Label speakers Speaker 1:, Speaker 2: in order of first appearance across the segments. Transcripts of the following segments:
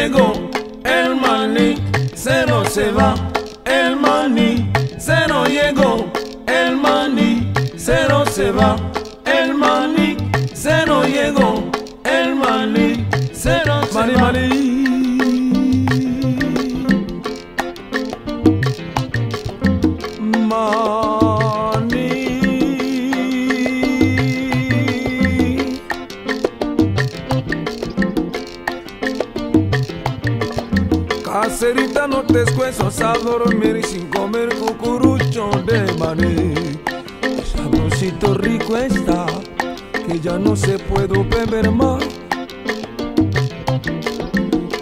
Speaker 1: llegó el maní, se no se va, el maní, se no llegó, el maní, se no se va, el maní, se no llegó, el maní, se no se Cerita no te escuezas a dormir sin comer cucurucho de maní. sabrosito rico está, que ya no se puede beber más.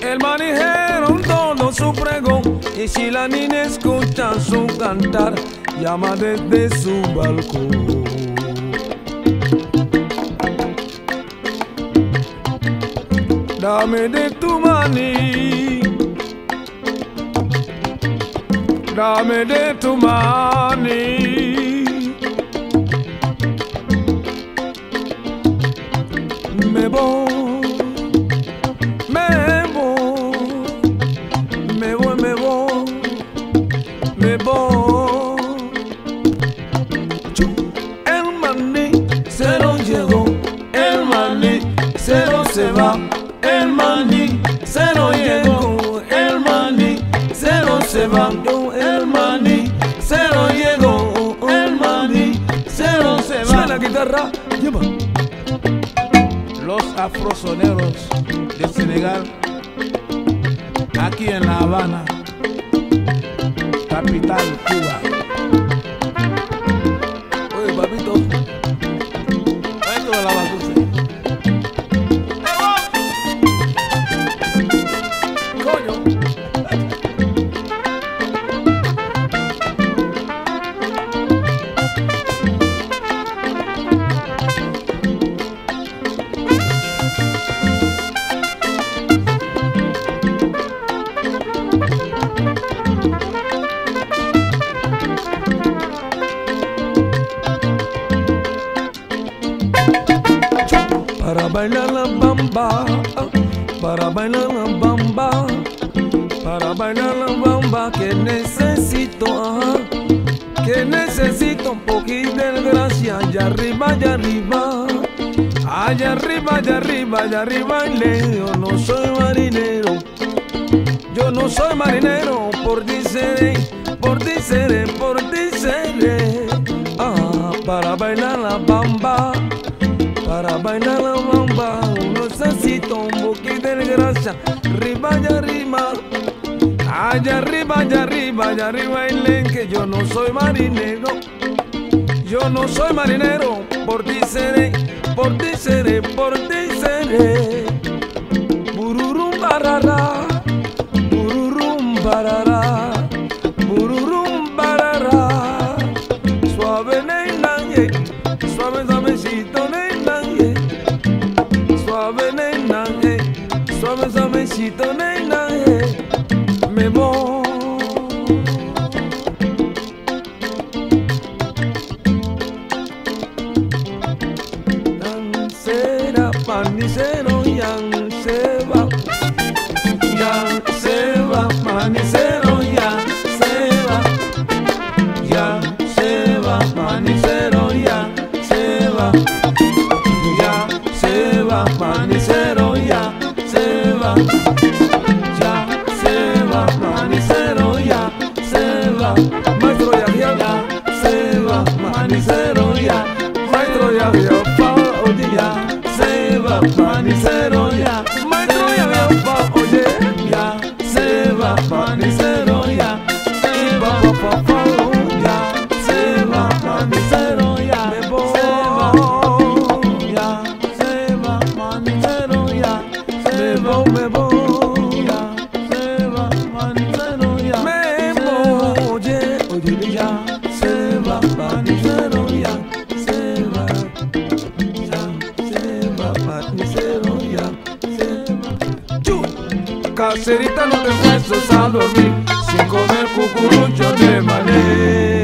Speaker 1: El manijero todo su pregón, y si la niña escucha su cantar, llama desde su balcón. Dame de tu maní de me voy, me voy, me voy, me voy. El maní se lo llegó, el mani se lo se va, el maní se lo llegó se van, el maní, lo llegó, el maní, lo se va. la guitarra, Los afrosoneros de Senegal, aquí en La Habana, capital Cuba. bailar la bamba, para bailar la bamba, para bailar la bamba que necesito, que necesito un poquito de gracia allá arriba, allá arriba, allá arriba, allá arriba, allá arriba yo no soy marinero, yo no soy marinero, por ti por ti por ti ah, para bailar la bamba, para bailar la Necesito un poquito de gracia arriba y arriba, allá arriba, allá arriba, allá arriba el que yo no soy marinero, yo no soy marinero, por ti seré, por ti seré, por ti seré, bururum Cachito nena, me voy. Dancera, panicero, ya se va. Ya se va, ya se va. Ya se va, manicero, ya se va. Ya se va, Safari, caserita no te fuerzas a dormir sin comer cucurucho de maní.